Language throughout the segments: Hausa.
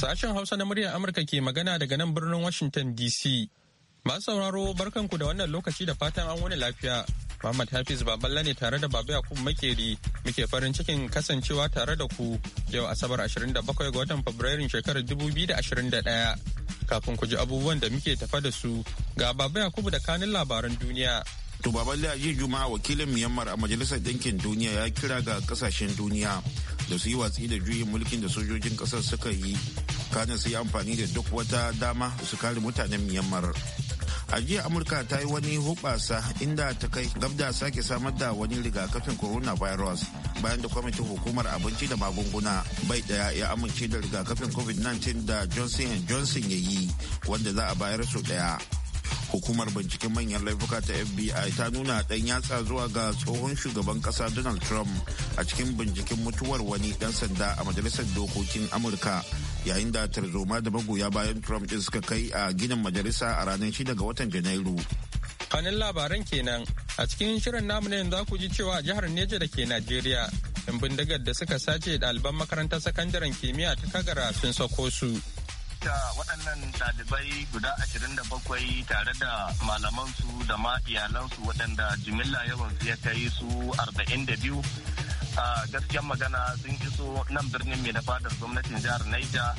Sashen Hausa na muryar Amurka ke magana daga nan birnin Washington DC. Masu sauraro barkanku da wannan lokaci da fatan an wani lafiya. Muhammad Hafiz Baballa ne tare da Baba Yakub Makeri muke farin cikin kasancewa tare da ku yau Asabar 27 ga watan Fabrairun shekarar 2021. Kafin ku ji abubuwan da muke tafa da su ga Baba Yakubu da kanin labaran duniya. To Baballa jiya Juma'a wakilin Myanmar a Majalisar Dinkin Duniya ya kira ga kasashen duniya da su yi watsi da juyin mulkin da sojojin kasar suka yi kanin su yi amfani da duk wata dama su kare mutanen myanmar a jiya amurka ta yi wani hubasa inda ta kai gabda sake samar da wani rigakafin coronavirus bayan da kwamitin hukumar abinci da magunguna bai daya ya amince da rigakafin covid-19 da johnson johnson ya yi wanda za a bayar su daya hukumar binciken manyan laifuka ta fbi ta nuna dan yatsa zuwa ga tsohon shugaban kasa donald trump a cikin binciken mutuwar wani dan sanda a majalisar dokokin amurka yayin da tarzoma da magoya bayan trump din suka kai a ginin majalisa a ranar 6 ga watan janairu kanin labaran kenan a cikin shirin namu ne za ku ji cewa jihar neja da ke najeriya yan bindigar da suka sace ɗaliban makarantar sakandaren kimiyya ta kagara sun sako su yadda waɗannan ɗalibai guda 27 tare da malamansu da ma iyalansu waɗanda jimilla yawan ya kai su 42 a gaskiyar magana sun iso nan birnin mai na fadar gwamnatin jihar Niger.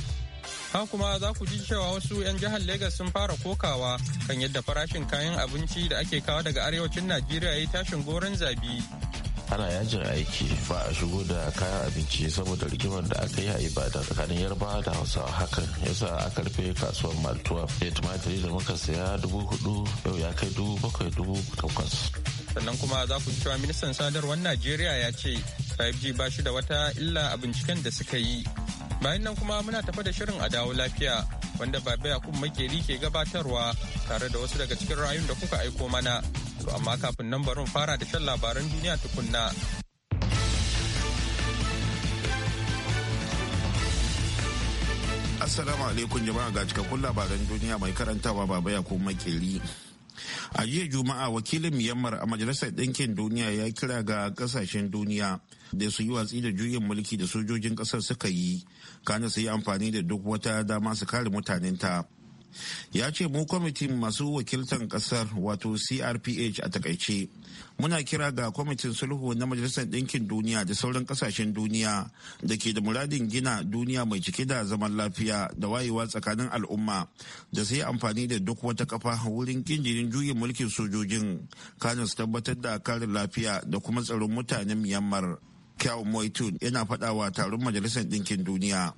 Haka kuma za ku ji cewa wasu 'yan jihar Legas sun fara kokawa kan yadda farashin kayan abinci da ake kawo daga arewacin Najeriya ya yi tashin goron zabi ana yajin aiki ba a shigo da kayan abinci saboda rigimar da aka yi a ibadan tsakanin yarba da hausawa hakan yasa a karfe kasuwar maltuwa da tumatiri da muka saya dubu hudu yau ya kai dubu bakwai dubu takwas sannan kuma za ku cewa ministan sadarwar najeriya ya ce 5g ba shi da wata illa a binciken da suka yi bayan nan kuma muna tafa da shirin a dawo lafiya wanda baba yakub makeri ke gabatarwa tare da wasu daga cikin rayun da kuka aiko mana To amma kafin nan barin fara da shan labaran duniya tukunna. Assalamu alaikum jama'a ga cikakkun labaran duniya mai karantawa baba ya kuma makeli. A jiya Juma'a wakilin Myanmar a Majalisar Ɗinkin Duniya ya kira ga ƙasashen duniya da su yi watsi da juyin mulki da sojojin ƙasar suka yi, kana su yi amfani da duk wata dama su kare mutanenta. ta. ya ce mu kwamitin masu wakiltan kasar wato crph a takaice muna kira ga kwamitin sulhu na majalisar ɗinkin duniya da sauran ƙasashen duniya da ke da muradin gina duniya mai cike da zaman lafiya da wayewa tsakanin al'umma da sai amfani da duk wata kafa wurin kinjirin juyin mulkin sojojin kanin su tabbatar da karin lafiya da kuma tsaron mutanen myanmar kyau moitun yana faɗawa taron majalisar ɗinkin duniya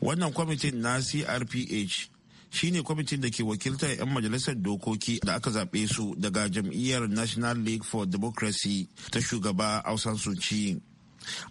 wannan kwamitin na crph shine kwamitin da ke wakiltar 'yan majalisar dokoki da aka zaɓe su daga jam'iyyar national league for democracy ta shugaba ausan sunci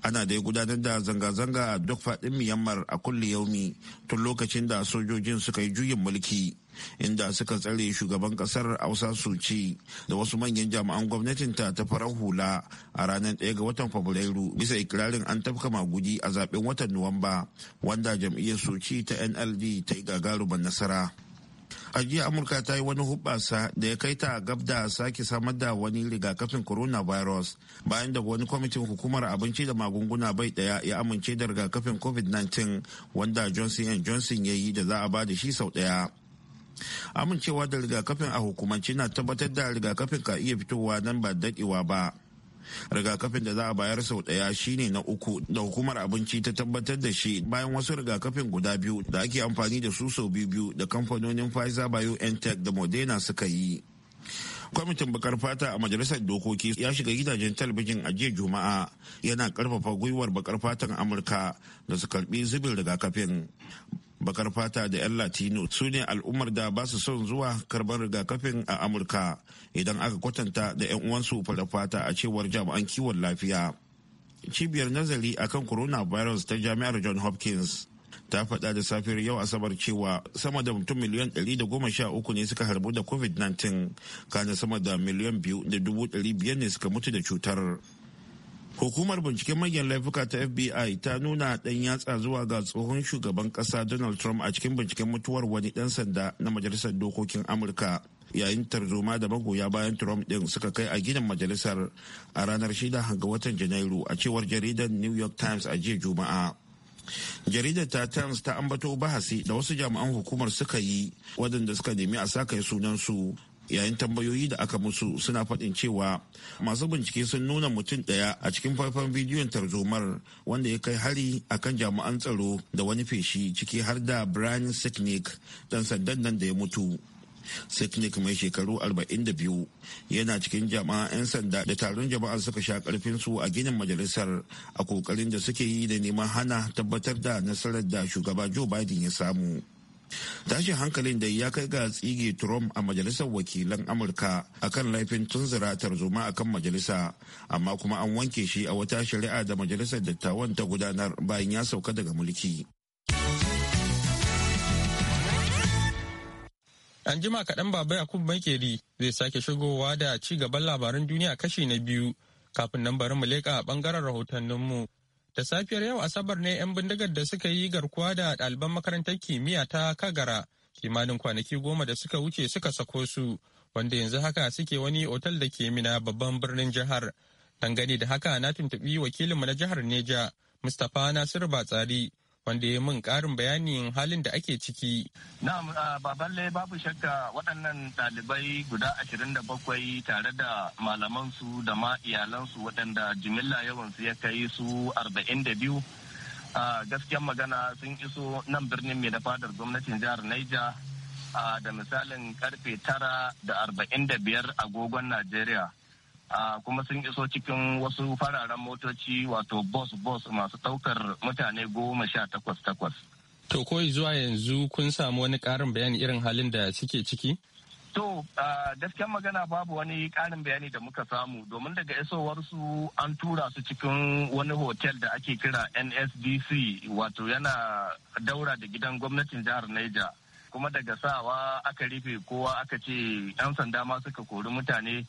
ana dai gudanar da zanga-zanga a duk faɗin myanmar a kulle yaumi tun lokacin da sojojin suka yi juyin mulki inda suka tsare shugaban kasar Hausa soci da wasu manyan jami'an gwamnatinta ta farar hula a ranar 1 ga watan fabrairu bisa ikirarin an tafka magudi a zaben watan nuwamba wanda jam'iyyar suci ta nld ta yi gagarumin nasara a jiya amurka ta yi wani hubbasa da ya kai ta gab da sake samar da wani rigakafin coronavirus bayan da wani kwamitin hukumar abinci da magunguna bai daya ya amince da rigakafin covid-19 wanda johnson johnson ya yi da za a ba da shi sau daya amincewa da rigakafin a hukumance na tabbatar da rigakafin ka iya fitowa nan ba daɗewa ba rigakafin da za a bayar sau ɗaya shine na uku da hukumar abinci ta tabbatar da shi bayan wasu rigakafin guda biyu da ake amfani da su sau biyu biyu da kamfanonin pfizer biontech da moderna suka yi kwamitin bakar fata a majalisar dokoki ya shiga gidajen talabijin a jiya juma'a yana karfafa gwiwar bakar fatan amurka da su karbi zubin rigakafin bakar fata da 'yan latino su ne al'ummar da ba su son zuwa karbar rigakafin a amurka idan aka kwatanta da 'yan uwansu farar fata a cewar jami'an kiwon lafiya cibiyar nazari akan coronavirus ta jami'ar john hopkins ta faɗa da safiyar yau asabar cewa sama da mutum miliyan 113 ne suka harbu da covid-19 kana sama da miliyan 2,500 ne suka mutu da cutar Hukumar binciken manyan laifuka ta FBI ta nuna ɗan yatsa zuwa ga tsohon shugaban ƙasa Donald Trump a cikin binciken mutuwar wani ɗan sanda na Majalisar Dokokin Amurka. Yayin tarzoma da magoya bayan Trump ɗin suka kai a ginin majalisar a ranar shida hanga watan Janairu a cewar jaridar New York Times a jiya Juma'a. jaridar ta times ta ambato bahasi da wasu jami'an hukumar suka yi waɗanda suka nemi a sa kai sunansu yayin tambayoyi da aka musu suna faɗin cewa masu bincike sun nuna mutum ɗaya a cikin faifan bidiyon tarzomar wanda ya kai hari a kan jami'an tsaro da wani feshi ciki har da brian sicknick ɗan sandan nan da ya mutu sicknick mai shekaru 42 yana cikin jama'a 'yan sanda da taron jama'ar suka sha karfin su a ginin majalisar a kokarin da suke yi da neman hana tabbatar da nasarar da shugaba joe biden ya samu tashin hankalin da ya kai ga tsige trump a majalisar wakilan amurka akan laifin tunzura tarzoma akan majalisa amma kuma an wanke shi a wata shari'a da majalisar dattawan ta gudanar bayan ya sauka daga mulki an jima kaɗan baba yakub makeri zai sake shigowa da ci gaban labaran duniya kashi na biyu kafin nan bari mu leƙa a ɓangaren rahotanninmu Da safiyar yau Asabar ne 'yan bindigar da suka yi garkuwa da ɗaliban makarantar kimiyya ta Kagara kimanin kwanaki goma da suka wuce suka sako su wanda yanzu haka suke wani otal da ke mina babban birnin jihar. Dangane da haka na tuntuɓi wakilinmu na jihar Neja Mustapha Nasiru Batsari wanda ya mun ƙarin bayanin halin da ake ciki. Na'am, baballe babu shakka waɗannan ɗalibai guda ashirin da bakwai tare da malamansu da ma iyalansu waɗanda jimilla yawansu ya kai su arba'in da biyu. Gaskiyar magana sun iso nan birnin mai da fadar gwamnatin jihar Naija da misalin karfe tara da arba'in da biyar agogon Najeriya. kuma sun iso cikin wasu fararen motoci wato bus-bus masu ɗaukar mutane goma sha takwas takwas. To ko zuwa yanzu kun samu wani ƙarin bayani irin halin da suke ciki? To gaskiyar magana babu wani ƙarin bayani da muka samu domin daga isowarsu an tura su cikin wani hotel da ake kira NSDC wato yana daura da gidan gwamnatin jihar Niger. kuma daga sawa aka rufe kowa aka ce 'yan sanda ma suka kori mutane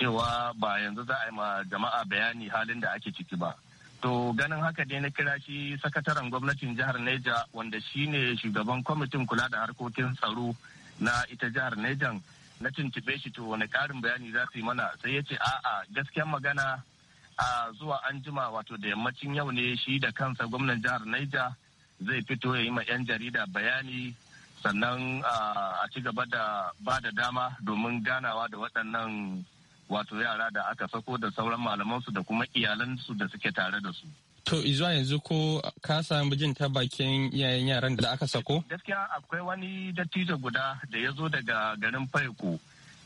cewa ba yanzu za a yi ma jama'a bayani halin da ake ciki ba. To ganin haka dai na kira shi sakataren gwamnatin jihar Neja wanda shi ne shugaban kwamitin kula da harkokin tsaro na ita jihar Nejan na tuntube shi to wani karin bayani za su yi mana sai ya ce a'a gaskiyar magana a zuwa an jima wato da yammacin yau ne shi da kansa gwamnan jihar Neja zai fito ya yi ma 'yan jarida bayani sannan a ci gaba da ba da dama domin ganawa da waɗannan wato yara da aka sako da sauran malamansu da kuma iyalansu da suke tare da su. To zuwa yanzu ko ka samu jin ta bakin iyayen yaran da aka sako? Gaskiya akwai wani dattijo guda da ya zo daga garin Faiko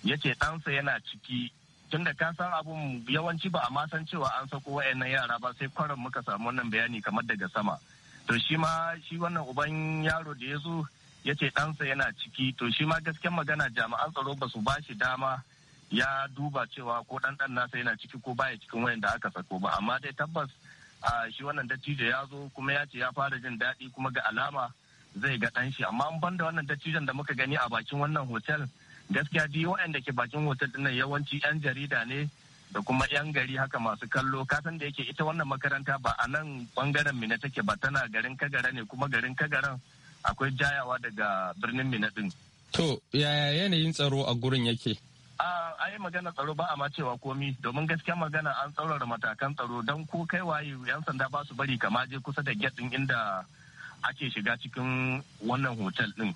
ya ce ɗansa yana ciki Tun da ka san abun yawanci ba a ma san cewa an sako wa'annan yara ba sai kwarin muka samu wannan bayani kamar daga sama. To shi ma shi wannan uban yaro da ya zo ya ce ɗansa yana ciki to shi ma gaskiyar magana jami'an tsaro ba su ba shi dama ya duba cewa ko dan dan nasa yana ciki ko baya cikin wayan da aka sako ba amma dai tabbas a shi wannan dattijo ya zo kuma ya ce ya fara jin daɗi kuma ga alama zai ga ɗan shi amma an banda wannan dattijon da muka gani a bakin wannan hotel gaskiya duk da ke bakin hotel din nan yawanci 'yan jarida ne da kuma 'yan gari haka masu kallo kasan da yake ita wannan makaranta ba a nan bangaren mina take ba tana garin kagara ne kuma garin kagaran akwai jayawa daga birnin mina din. to yaya yanayin tsaro a gurin yake? a yi magana tsaro ba a ma cewa komi domin gaskiya magana an tsaurara matakan tsaro don ko kai waye yan sanda ba su bari kama je kusa da gate din inda ake shiga cikin wannan hotel din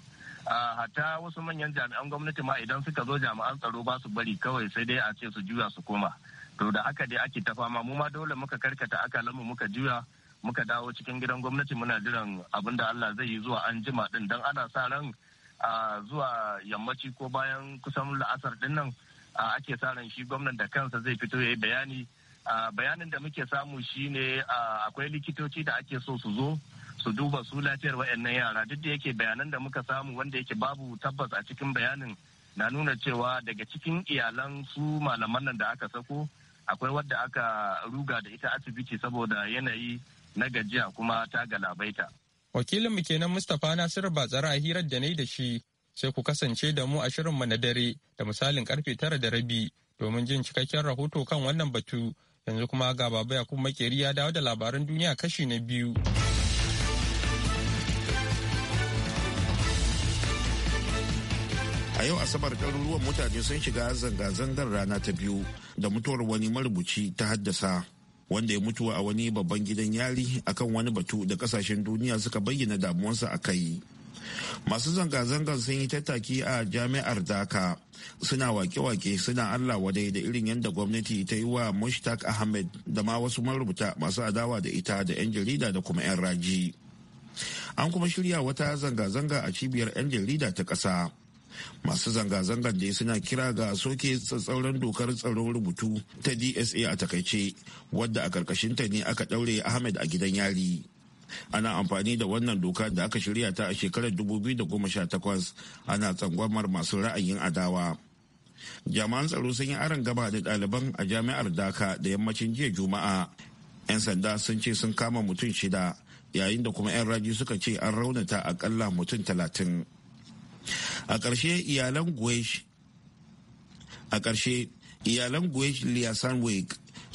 A hatta wasu manyan jami'an gwamnati ma idan suka zo jami'an tsaro ba su bari kawai sai dai a ce su juya su koma to da haka dai ake ta fama mu ma dole muka karkata akalanmu muka juya muka dawo cikin gidan gwamnati muna jiran abin da Allah zai yi zuwa an jima din dan ana sa ran zuwa yammaci ko bayan kusan la'asar din nan ake sa ran shi gwamnan da kansa zai fito ya yi bayani bayanin da muke samu shine akwai likitoci da ake so su zo su duba su lafiyar waɗannan yara duk da yake bayanan da muka samu wanda yake babu tabbas a cikin bayanin na nuna cewa daga cikin iyalan su malaman nan da aka sako akwai wadda aka ruga da ita asibiti saboda yanayi na gajiya kuma ta galabaita. Wakilinmu kenan Mustapha Nasiru Batsara a hirar da ne yi da shi sai ku kasance da mu a shirinmu na dare da misalin karfe tara da rabi domin jin cikakken rahoto kan wannan batu yanzu kuma ga baba ya kuma makeri ya dawo da labaran duniya kashi na biyu. a yau asabar ɗaruruwan mutane sun shiga zanga-zangar rana ta biyu da mutuwar wani marubuci ta haddasa wanda ya mutu a wani babban gidan yari akan wani batu da kasashen duniya suka bayyana damuwarsa a kai masu zanga-zangar sun yi tattaki a jami'ar daka suna wake-wake suna allah wadai da irin yadda gwamnati ta yi wa mushtaq ahmed da ma wasu marubuta masu adawa da ita da 'yan jarida da kuma 'yan raji an kuma shirya wata zanga-zanga a cibiyar 'yan jarida ta ƙasa masu zanga-zangar da suna kira ga soke tsatsauran dokar tsaron rubutu ta dsa a takaice wadda a ta ne aka daure ahmed a gidan yari ana amfani da wannan doka da aka shirya ta a shekarar 2018 ana tsangwamar masu ra'ayin adawa jami'an tsaro sun yi aron gaba da ɗaliban a jami'ar daka da yammacin jiya juma'a 'yan sanda sun ce sun kama mutum shida yayin da kuma 'yan raji suka ce an raunata akalla mutum talatin a ƙarshe iyalan guesh a ƙarshe iyalan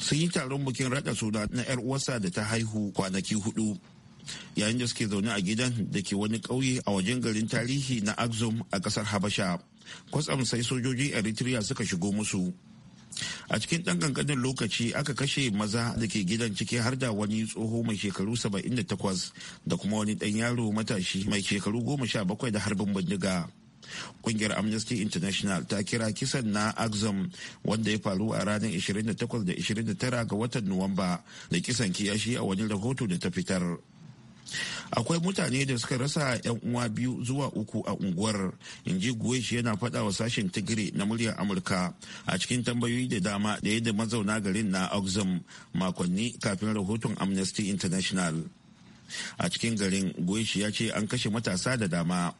sun yi taron bikin raɗa suna na 'yar uwarsa da ta haihu kwanaki hudu yayin da suke zaune a gidan da ke wani ƙauye a wajen garin tarihi na axum a ƙasar habasha kwatsam sai sojojin eritrea suka shigo musu a cikin ɗan ƙanƙanin lokaci aka kashe maza da ke gidan ciki har da wani tsoho mai shekaru 78 da kuma wani ɗan yaro matashi mai shekaru 17 da harbin bindiga ƙungiyar amnesty international ta kira kisan na axum wanda ya faru a ranar 28 da 29 ga watan nuwamba da kisan kiyashi a wani rahoto da ta fitar akwai mutane da suka rasa 'yan uwa biyu zuwa uku a unguwar In ji guweshi yana faɗa wa sashen tigiri na muryar amurka a cikin tambayoyi da dama da yadda mazauna garin na oxum makonni kafin rahoton amnesty international a cikin garin guweshi ya ce an kashe matasa da dama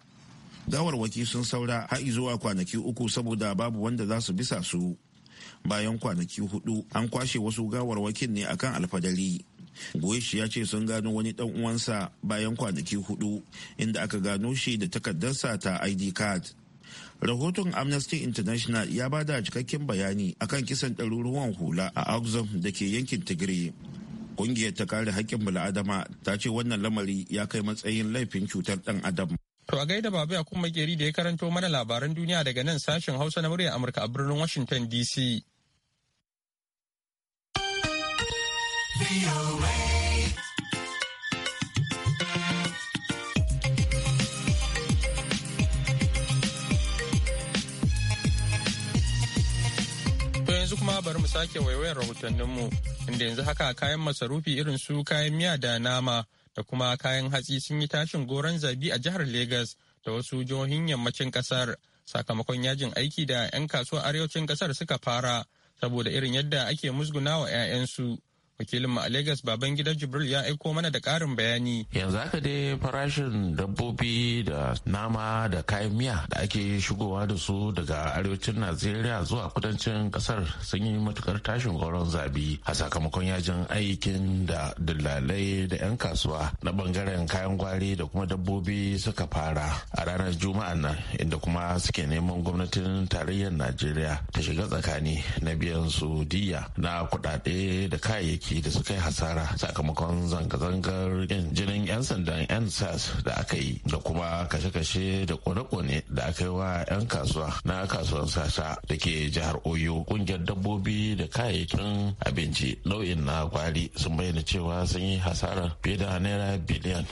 gawarwaki sun saura har zuwa kwanaki uku saboda babu wanda za su bisa su bayan kwanaki hudu an kwashe wasu gawarwakin ne akan alfadari Bush ya ce sun gano wani dan uwansa bayan kwanaki hudu inda aka gano shi da takardarsa ta ID card. Rahoton Amnesty International ya ba da cikakken bayani akan kisan ɗaruruwan hula a axum da ke yankin Tigray. Kungiyar ta kare haƙƙin bala'adama ta ce wannan lamari ya kai matsayin laifin cutar ɗan adam. To a gaida babu yakun makeri da ya karanto mana labaran duniya daga nan sashen Hausa na muryar Amurka a birnin Washington DC. kuma bari mu sake waiwayar rahotanninmu inda yanzu haka kayan masarufi irin su kayan miya da nama da kuma kayan hatsi sun yi tashin goron zabi a jihar Legas da wasu jihohin yammacin kasar sakamakon yajin aiki da 'yan kasuwar arewacin kasar suka fara saboda irin yadda ake musguna wa 'ya'yansu. wakilin wakilinmu a Legas baban gida Jibril ya aiko mana da ƙarin bayani. Yanzu haka dai farashin dabbobi da nama da kayan miya da ake shigowa da su daga arewacin Najeriya zuwa kudancin kasar sun yi matukar tashin goron zabi a sakamakon yajin aikin da dillalai da 'yan kasuwa na bangaren kayan gwari da kuma dabbobi suka fara a ranar Juma'a nan inda kuma suke neman gwamnatin tarayyar Najeriya ta shiga tsakani na biyan su diya na kuɗaɗe da kayayyaki aiki da suka yi hasara sakamakon zanga-zangar jinin 'yan sandan 'yan da aka yi da kuma kashe-kashe da kone-kone da aka yi wa 'yan kasuwa na kasuwar sasa da ke jihar oyo kungiyar dabbobi da kayayyakin abinci nau'in na kwari sun bayyana cewa sun yi hasarar fiye da naira biliyan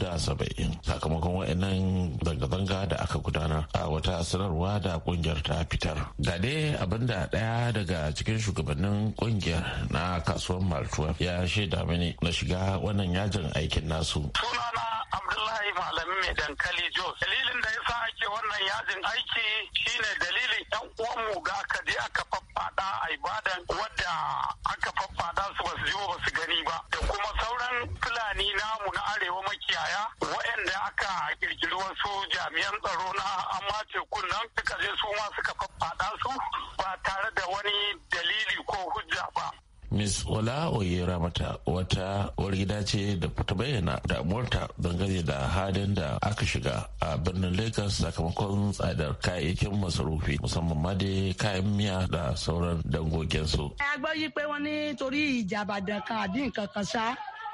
da saba'in. sakamakon wa'annan zanga-zanga da aka gudanar a wata sanarwa da kungiyar ta fitar ga dai abinda daya daga cikin shugabannin kungiyar na kasuwa kasuwar Martuwa ya shaida mini na shiga wannan yajin aikin nasu. Sunana Abdullahi Malami mai dankali Jos. Dalilin da ya sa ake wannan yajin aiki shine dalilin 'yan uwanmu ga aka je aka faffada a Ibadan wadda aka faffada su basu su ba su gani ba da kuma sauran Fulani namu na arewa makiyaya waɗanda aka kirkiri wasu jami'an tsaro na amma tekun nan suka su ma suka faffada su ba tare da wani dalili ko hujja ba. Ms. Ola Oyera mata wata wargida ce da ta bayyana damuwarta dangane da halin da aka shiga a birnin Lagos sakamakon tsadar kayayyakin masarufi musamman ma da kayan miya da sauran su. A gbọ́ yi pé wọ́n ní torí ìjà Ìbàdàn kan àbí nǹkan kan sa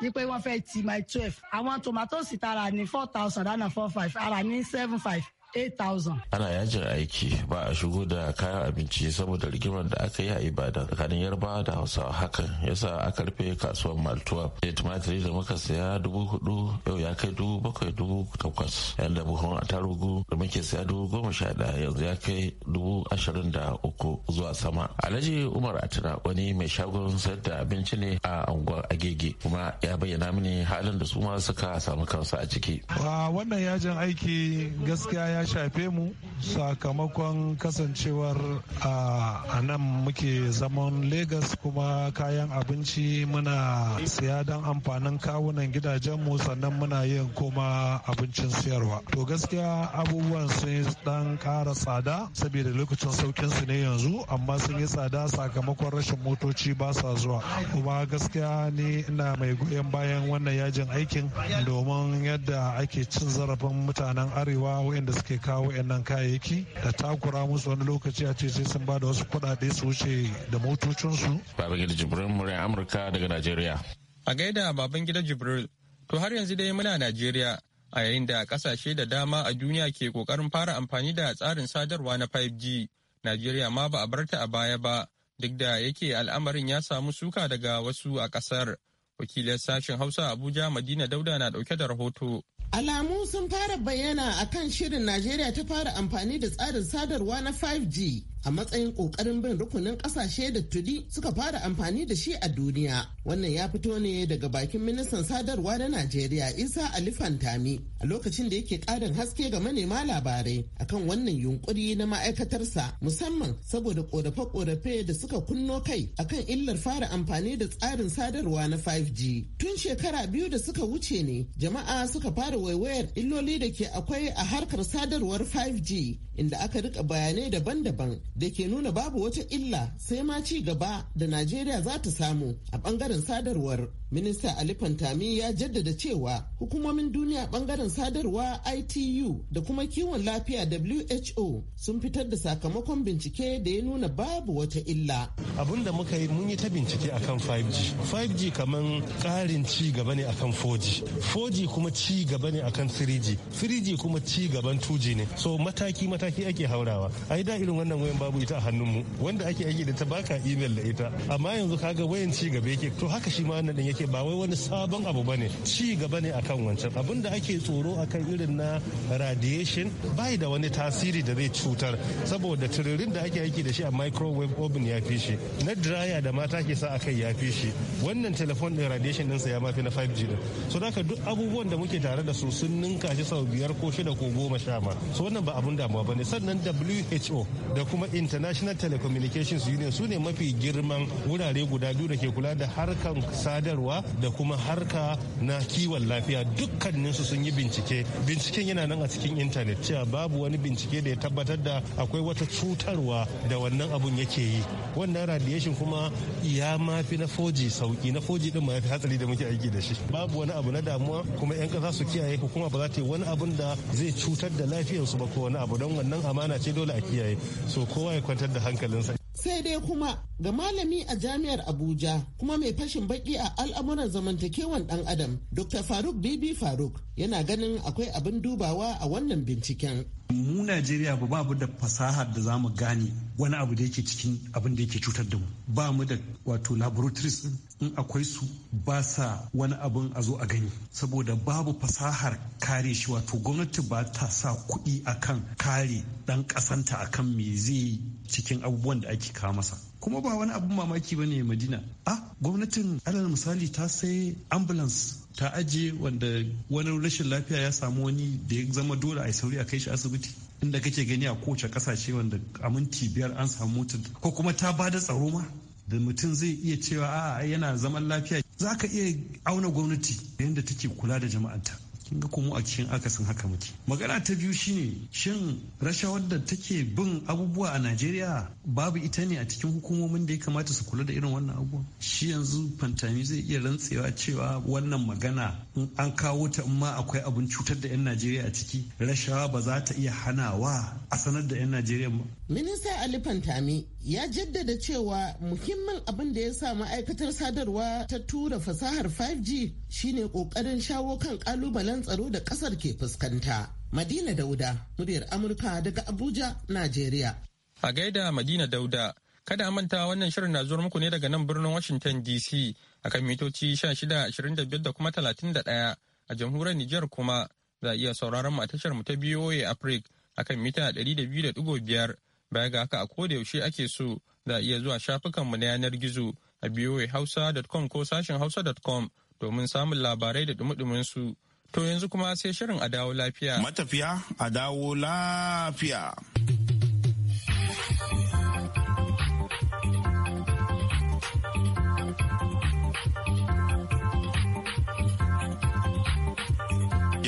ni pé ti my twelve. Àwọn tomatoes tara ni four thousand and four five ara ni seven five. 8,000. Ana yajin aiki ba a shigo da kayan abinci saboda rigimar da aka yi a Ibadan tsakanin Yarbawa da Hausawa hakan yasa aka karfe kasuwar Maltuwa. Da tumatiri da muka saya dubu hudu yau ya kai dubu bakwai dubu takwas. Yan da buhun tarugu da muke saya dubu goma sha daya yanzu ya kai dubu ashirin da uku zuwa sama. Alhaji Umar Atina wani mai shagon sayar da abinci ne a unguwar Agege kuma ya bayyana mini halin da su ma suka samu kansu a ciki. Wannan yajin aiki gaskiya ya a shafe mu sakamakon kasancewar a nan muke zaman Legas kuma kayan abinci muna siya don amfanin kawunan gidajenmu sannan muna yin kuma abincin siyarwa. To gaskiya abubuwan sun dan kara tsada saboda lokacin saukin su ne yanzu amma sun yi tsada sakamakon rashin motoci ba sa zuwa. Kuma gaskiya ni ina mai goyon bayan wannan yajin aikin domin yadda ake cin zarafin mutanen arewa waɗanda suke suke kawo nan kayayyaki da takura musu wani lokaci a ce sai sun ba da wasu kuɗaɗe su wuce da motocinsu. Babangida Jibril murya Amurka daga Najeriya. A gaida Babangida Jibril, to har yanzu dai muna Najeriya a yayin da ƙasashe da dama a duniya ke kokarin fara amfani da tsarin sadarwa na 5G. Najeriya ma ba a barta a baya ba duk da yake al'amarin ya samu suka daga wasu a ƙasar Wakilin sashen Hausa Abuja Madina Dauda na dauke da rahoto. Alamu sun fara bayyana a kan shirin Najeriya ta fara amfani da tsarin sadarwa na 5G a matsayin ƙoƙarin bin rukunin ƙasashe da tuli suka fara amfani da shi a duniya. Wannan ya fito ne daga bakin ministan sadarwa na Najeriya Isa Ali Fantami a lokacin da yake ƙarin haske ga manema labarai akan wannan yunƙuri na ma'aikatarsa musamman saboda ƙorafe-ƙorafe da suka kunno kai akan illar fara amfani da tsarin sadarwa na 5G. cikin shekara biyu da suka wuce ne jama'a suka fara waiwayar illoli da ke akwai a harkar sadarwar 5G inda aka rika bayanai daban-daban da ke nuna babu wata illa sai ma ci gaba da Najeriya za ta samu a bangaren sadarwar. Minista Ali Fantami ya jaddada cewa hukumomin duniya bangaren sadarwa ITU da kuma kiwon lafiya WHO sun fitar da sakamakon bincike da ya nuna babu wata illa. Abin da muka yi mun yi ta bincike akan 5G. 5G kamar ƙarin wannan ci gaba ne akan 4G 4G kuma ci gaba ne akan 3G 3G kuma ci gaban 2G ne so mataki mataki ake haurawa ai da irin wannan wayan babu ita a hannun mu wanda ake aiki da ta baka email da ita amma yanzu kaga wayan ci gaba yake to haka shi ma wannan din yake ba wai wani sabon abu bane ci gaba ne akan wancan abin da ake tsoro akan irin na radiation bai da wani tasiri da zai cutar saboda tiririn da ake aiki da shi a microwave oven ya fi shi na dryer da mata ke sa akai ya fi shi wannan telefon din radiation din sa ya mafi na 5G din so da duk abubuwan da muke tare da su sun ninka shi sau biyar ko shida ko goma sha ma so wannan ba abun damuwa bane sannan WHO da kuma International Telecommunications Union su ne mafi girman wurare guda biyu da ke kula da harkan sadarwa da kuma harka na kiwon lafiya dukkanin su sun yi bincike binciken yana nan a cikin intanet cewa babu wani bincike da ya tabbatar da akwai wata cutarwa da wannan abun yake yi wannan radiation kuma ya mafi na 4G sauki na 4G din ma hatsari da muke muke aiki da shi babu wani abu na damuwa kuma yan kasa su kiyaye hukuma ba za ta yi wani abun da zai cutar da lafiyarsu ba ko wani abu don wannan amana ce dole a kiyaye so kowa ya kwantar da hankalinsa sai dai kuma ga malami a jami'ar abuja kuma mai fashin baki a al'amuran zamantakewan dan adam dr faruk bibi faruk yana ganin akwai abin dubawa a wannan binciken mu najeriya ba babu da fasahar da za mu gane wani abu da yake cikin abin da yake cutar da mu ba mu da wato laboratories in akwai su ba sa wani abin a zo a gani saboda babu fasahar kare shi wato gwamnati ba ta sa kuɗi akan kare ɗan ƙasanta akan me zai cikin abubuwan da ake kawo masa kuma ba wani abin mamaki ba ne madina ah gwamnatin alal misali ta sai ambulance ta ajiye wanda wani rashin lafiya ya samu wani da ya zama dole a sauri a kai shi asibiti inda kake gani a kowace kasashe wanda a minti biyar an samu mutum ko kuma ta ba da tsaro ma da mutum zai iya cewa a yana zaman lafiya za ka iya auna gwamnati yadda take kula da jama'anta kin ga kuma a cikin akasin haka muke magana ta biyu shine shin rashawar da take bin abubuwa a Najeriya babu ita ne a cikin hukumomin da ya kamata su kula da irin wannan abubuwa shi yanzu fantami zai iya rantsewa cewa wannan magana in an kawo ta in ma akwai abin cutar da 'yan najeriya a ciki rashawa ba za ta iya hanawa a sanar da 'yan najeriya ba minista ali fantami ya jaddada cewa muhimmin abin da ya sa ma'aikatar sadarwa ta tura fasahar 5g shine kokarin shawo kan kalubalen tsaro da kasar ke fuskanta madina dauda muryar amurka daga abuja najeriya a gaida madina dauda Kada manta wannan shirin na zuwa muku ne daga nan birnin Washington DC a kan mitoci 1625 da kuma 31 a jamhuriyar Nijar kuma za a iya sauraron mu a tashar mu ta BOA Africa kan mita 200.5 baya ga haka a koda yaushe ake so za a iya zuwa shafukan mu na yanar gizo a boahausa.com ko sashin hausa.com domin samun labarai da dumudumin su. To yanzu kuma sai shirin a dawo lafiya. Matafiya a dawo lafiya.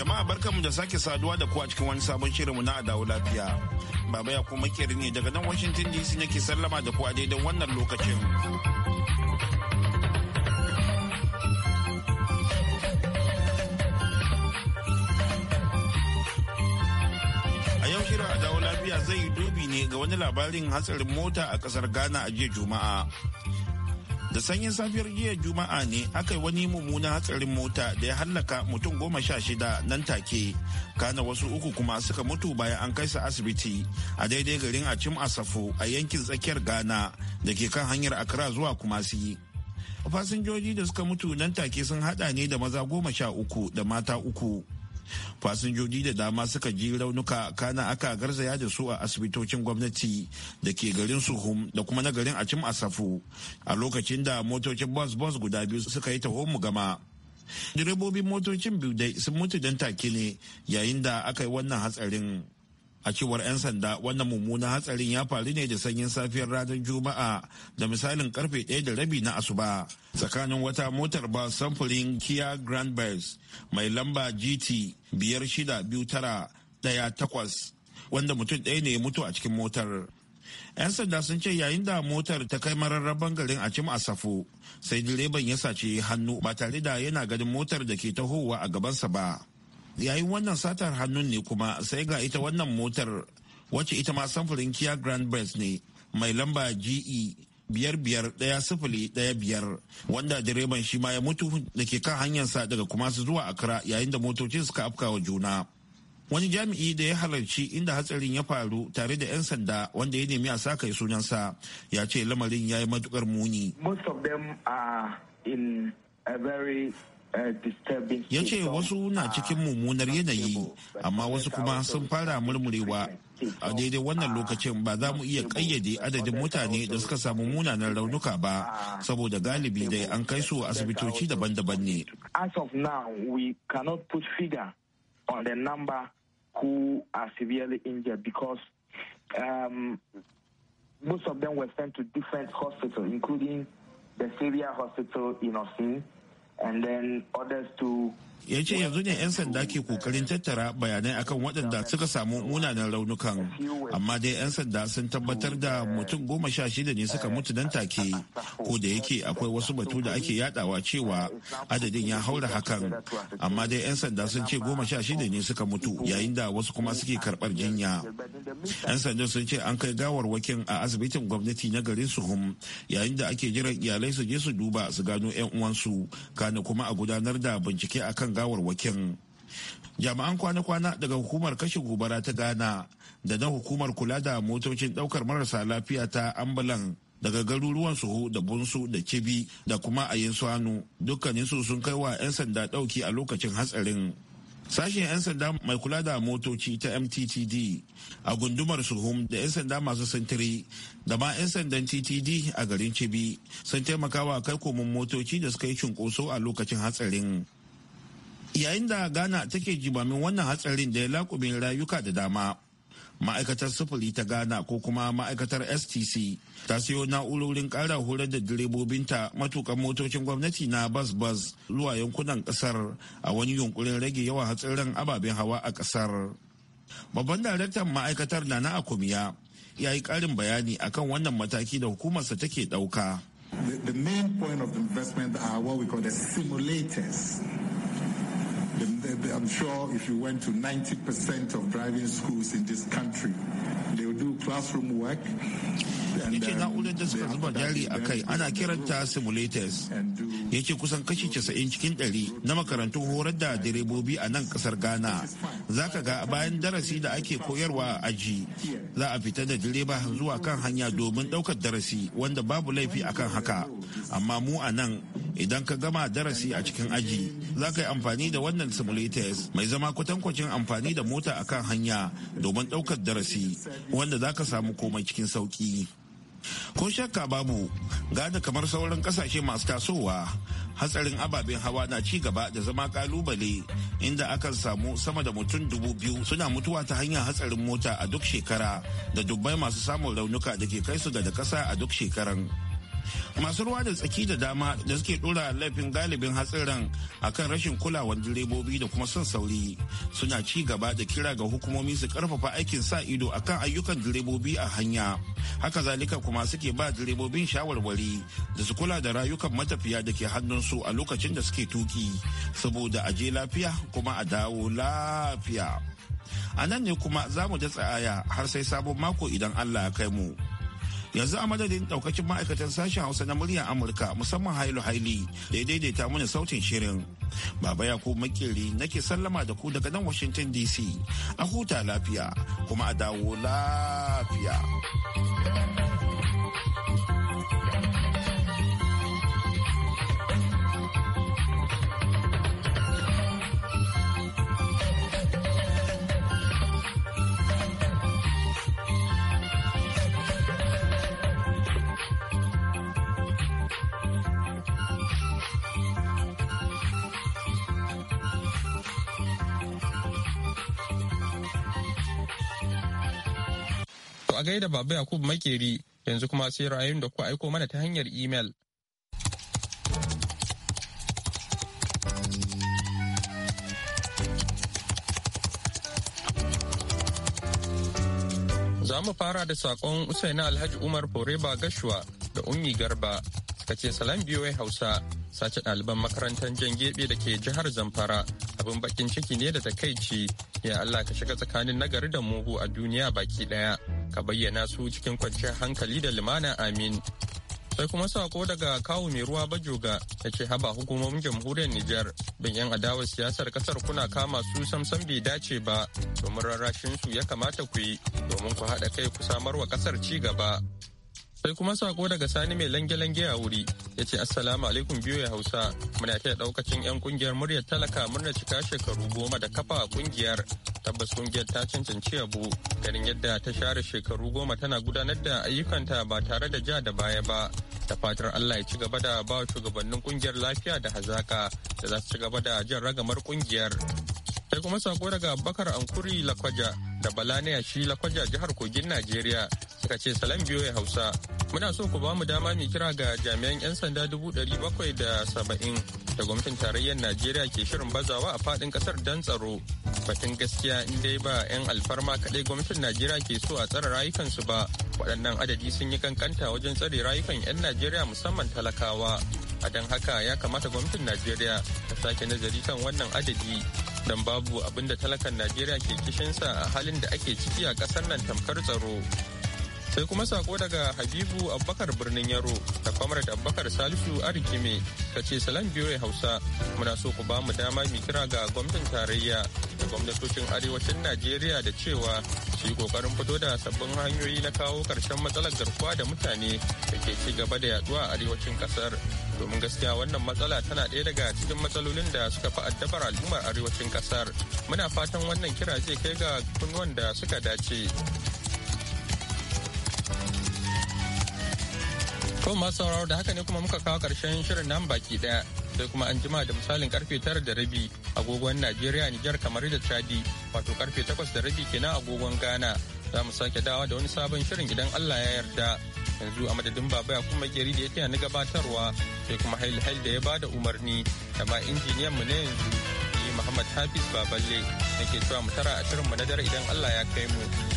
Jama'a barkanmu da sake saduwa da ku a cikin wani sabon shirinmu na Adawo Lafiya. Baba ya kuma makeri ne daga nan Washington DC yake sallama da ku a daidai wannan lokacin. A yau shirin Adawo Lafiya zai yi dubi ne ga wani labarin hatsarin mota a kasar Ghana a jiya Juma'a. da sanyin safiyar jiya juma'a ne aka yi wani mummunan hatsarin mota da ya hallaka mutum goma sha shida nan take kana wasu uku kuma suka mutu bayan an kai su asibiti a daidai garin acim asafo a yankin tsakiyar ghana da ke kan hanyar accra zuwa kumasi fasinjoji da suka mutu nan take sun hada ne da maza goma sha uku da mata uku fasinjoji da dama suka ji raunuka kana aka garzaya da su a asibitocin gwamnati da ke garin suhum da kuma na garin acim asafu a lokacin da motocin bus bus guda biyu suka yi taho mu gama direbobin motocin biyu dai sun mutu don take ne yayin da aka yi wannan hatsarin a cewar 'yan sanda wannan mummunan hatsarin ya faru ne da sanyin safiyar ranar juma'a da misalin karfe ɗaya da rabi na asuba tsakanin wata motar ba samfurin kia grand Bears mai lamba gt biyar shida wanda mutum ɗaya ne ya mutu a cikin motar 'yan sanda sun ce yayin da motar ta kai mararraban garin a cim asafo sai direban ya sace hannu ba tare da yana ganin motar da ke tahowa a gabansa ba yayin wannan satar hannun ne kuma sai ga ita wannan motar wacce ita ma samfurin kia grand press ne mai lamba ge biyar biyar daya sifili daya biyar wanda direban shi ma ya mutu da ke kan hanyarsa daga kuma su zuwa accra yayin da motocin suka afka wa juna wani jami'i da ya halarci inda hatsarin ya faru tare da 'yan sanda wanda ya nemi a sa kai sunansa ya ce lamarin ya yi matukar muni most of ya ce wasu na cikin mummunar yanayi amma wasu kuma sun fara murmurewa a daidai wannan lokacin ba za mu iya kayyade adadin mutane da suka samu munanan raunuka ba saboda galibi dai an kai su asibitoci daban-daban ne as of now we put figure on the number um, most of them were sent to different hospitals including the Syria hospital in Osin and then others to ya ce yanzu ne 'yan sanda ke kokarin tattara bayanai akan waɗanda suka samu munanan raunukan amma dai 'yan sanda sun tabbatar da mutum goma sha shida ne suka mutu nan take ko da yake akwai wasu batu da ake yadawa cewa adadin ya haura hakan amma dai 'yan sanda sun ce goma sha shida ne suka mutu yayin da wasu kuma suke karɓar jinya 'yan sanda sun ce an kai gawarwakin a asibitin gwamnati na garin suhum yayin da ake jiran iyalai su je su duba su gano 'yan uwansu kana kuma a gudanar da bincike akan gawarwakin jami'an kwana-kwana daga hukumar kashe gobara ta ghana da na hukumar kula da motocin daukar marasa lafiya ta ambulan daga garuruwan suhu da bunsu da kibi da kuma ayin swanu dukkaninsu sun kai wa 'yan sanda dauki a lokacin hatsarin sashen 'yan sanda mai kula da motoci ta mttd a gundumar suhum da 'yan sanda masu sintiri da ma 'yan sandan ttd a garin cibi sun taimakawa kai komin motoci da suka yi cunkoso a lokacin hatsarin yayin da ghana take jimamin wannan hatsarin da ya lakumin rayuka da dama ma'aikatar sufuri ta ghana ko kuma ma'aikatar stc ta siyo na'urorin ƙara horar da direbobinta matukan motocin gwamnati na bas bas zuwa yankunan ƙasar a wani yunkurin rage yawan hatsarin ababen hawa a ƙasar babban daraktan ma'aikatar na akumiya ya yi ƙarin bayani akan wannan mataki da hukumarsa take ɗauka The, the main point of the investment are what we call the simulators I'm sure if you went to 90% of driving schools in this country, do ya ce um, na'urar da suka zuba jari a kai ana kiranta simulators ya ce kusan kashi 90 cikin 100 na makarantun horar da direbobi a nan kasar ghana za ka ga bayan darasi da ake koyarwa a aji za a fita da direba zuwa kan hanya domin daukar darasi wanda babu laifi akan haka amma mu a nan idan ka gama darasi a cikin aji za ka yi amfani da wannan simulators mai zama kwatankwacin amfani da mota akan hanya domin daukar darasi wanda za ka samu komai cikin sauƙi. Ko shakka babu gada kamar sauran kasashe masu tasowa hatsarin ababen hawa na ci gaba da zama kalubale inda akan samu sama da mutum dubu biyu suna mutuwa ta hanyar hatsarin mota a duk shekara da dubbai masu samun raunuka da ke kai su ga da kasa a duk shekaran. masu ruwa da tsaki da dama da suke dora laifin galibin hatsarin akan rashin kulawar direbobi da kuma son sauri suna ci gaba da kira ga hukumomi su karfafa aikin sa ido a kan ayyukan direbobi a hanya haka zalika kuma suke ba direbobin shawarwari da su kula da rayukan matafiya da ke hannunsu a lokacin da suke tuki saboda a je lafiya kuma a dawo lafiya a nan ne kuma za mu da tsaya har sai sabon mako idan allah ya kai mu yanzu a madadin daukacin ma'aikatan sashen hausa na muryar amurka musamman hailu haili da ya daidaita mana sautin shirin baba ya ku makeri nake sallama da ku daga nan washington dc a huta lafiya kuma a dawo lafiya da Baba Yakub Makeri yanzu kuma sai ra'ayin da ku aiko mana ta hanyar imel. Za mu fara da saƙon usaini Alhaji Umar Foreba Gashuwa da Ummi Garba suka ce salam biyoyi Hausa sace ɗaliban makarantar jan gebe da ke jihar Zamfara abin bakin ciki ne da takaici ya Allah ka shiga tsakanin nagari da mugu a duniya baki ɗaya. ka bayyana su cikin kwanciyar hankali da lumana amin sai kuma sako daga kawo mai ruwa bajoga da ce haba hukumomin jamhuriyar Nijar bin yan adawar siyasar kasar kuna kama su samsam bai dace ba domin rarrashin su ya kamata ku yi domin ku haɗa kai ku samar wa kasar ci gaba sai kuma sako daga sani mai lange-lange a wuri ya ce assalamu alaikum biyu ya hausa muna ta daukacin 'yan kungiyar muryar talaka murna cika shekaru goma da kafa a kungiyar tabbas kungiyar ta cancanci abu ganin yadda ta share shekaru goma tana gudanar da ayyukanta ba tare da ja da baya ba da fatar allah ya ci gaba da ba shugabannin kungiyar lafiya da hazaka da za su ci gaba da jan ragamar kungiyar sai kuma sako daga bakar ankuri lakwaja da balaniya shi lakwaja jihar kogin najeriya suka ce salam biyo ya hausa muna so ku bamu dama mai kira ga jami'an 'yan sanda dubu ɗari bakwai da saba'in da gwamnatin tarayyar najeriya ke shirin bazawa a fadin ƙasar Dan tsaro batun gaskiya in dai ba 'yan alfarma kaɗai gwamnatin najeriya ke so a tsare rayukansu ba waɗannan adadi sun yi kankanta wajen tsare rayukan 'yan najeriya musamman talakawa a don haka ya kamata gwamnatin najeriya ta sake nazari kan wannan adadi don babu abin da talakan najeriya ke kishinsa a halin da ake ciki a kasar nan tamkar tsaro sai kuma sako daga habibu abubakar birnin yaro da comrade abubakar salisu arikime ta ce salam biyoyi hausa muna so ku ba mu dama mu kira ga gwamnatin tarayya da gwamnatocin arewacin najeriya da cewa su yi kokarin fito da sabbin hanyoyi na kawo karshen matsalar garkuwa da mutane da ke ci gaba da yaduwa a arewacin kasar domin gaskiya wannan matsala tana ɗaya daga cikin matsalolin da suka fi addabar al'ummar arewacin kasar muna fatan wannan kira zai kai ga kunnuwan da suka dace to masu sauraro da haka ne kuma muka kawo karshen shirin nan baki ɗaya sai kuma an jima da misalin karfe tara da rabi agogon najeriya niger kamar da chadi wato karfe takwas da rabi kenan agogon ghana za mu sake dawa da wani sabon shirin idan Allah ya yarda yanzu a madadin baba ya kuma gari da ya taya na gabatarwa sai kuma hail hail da ya ba da umarni da ma injiniyan mu na yanzu ni Muhammad Hafiz Baballe nake cewa mu tara a shirin mu na dare idan Allah ya kai mu